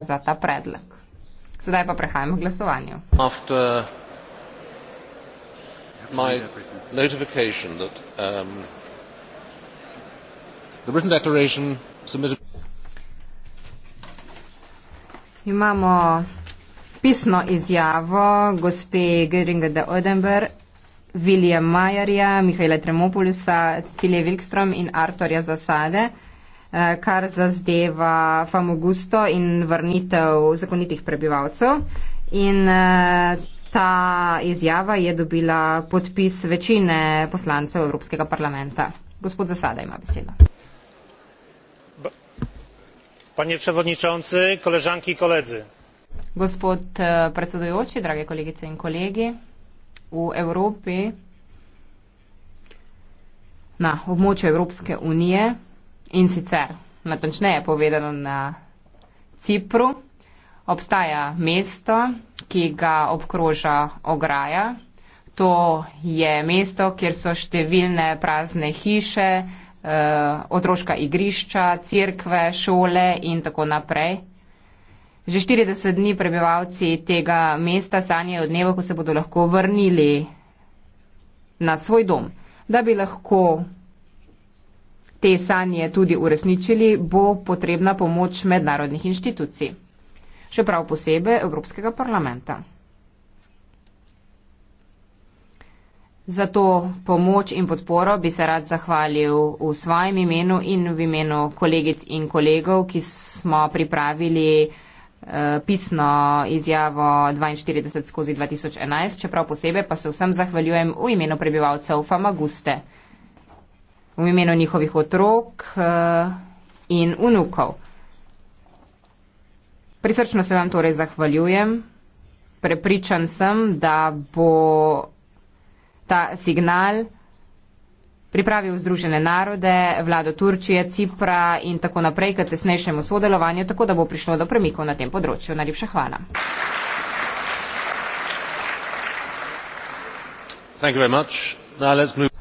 za ta predlog. Zdaj pa prehajamo k glasovanju. Um, Imamo pisno izjavo gospe Göringa de Odenber, Vilija Majerja, Mihajla Tremopulusa, Cecilije Wilkstrom in Artorja Zasade. Eh, kar zazdeva Famogusto in vrnitev zakonitih prebivalcev. In eh, ta izjava je dobila podpis večine poslancev Evropskega parlamenta. Gospod Zasada ima besedo. Panie przewodniczący, koleżanki i koledzy. Gospod eh, predsedujoči, drage kolegice in kolegi, v Evropi, na območju Evropske unije In sicer, natančneje povedano, na Cipru obstaja mesto, ki ga obkroža ograja. To je mesto, kjer so številne prazne hiše, eh, otroška igrišča, cerkve, šole in tako naprej. Že 40 dni prebivalci tega mesta sanjajo dneva, ko se bodo lahko vrnili na svoj dom, da bi lahko te sanje tudi uresničili, bo potrebna pomoč mednarodnih inštitucij, še prav posebej Evropskega parlamenta. Za to pomoč in podporo bi se rad zahvalil v svojem imenu in v imenu kolegic in kolegov, ki smo pripravili eh, pisno izjavo 42 skozi 2011, čeprav posebej pa se vsem zahvaljujem v imenu prebivalcev Famaguste v imenu njihovih otrok eh, in unukov. Prisrčno se vam torej zahvaljujem. Prepričan sem, da bo ta signal pripravil Združene narode, vlado Turčije, Cipra in tako naprej k tesnejšemu sodelovanju, tako da bo prišlo do premikov na tem področju. Najlepša hvala. Thank you very much. Now let's move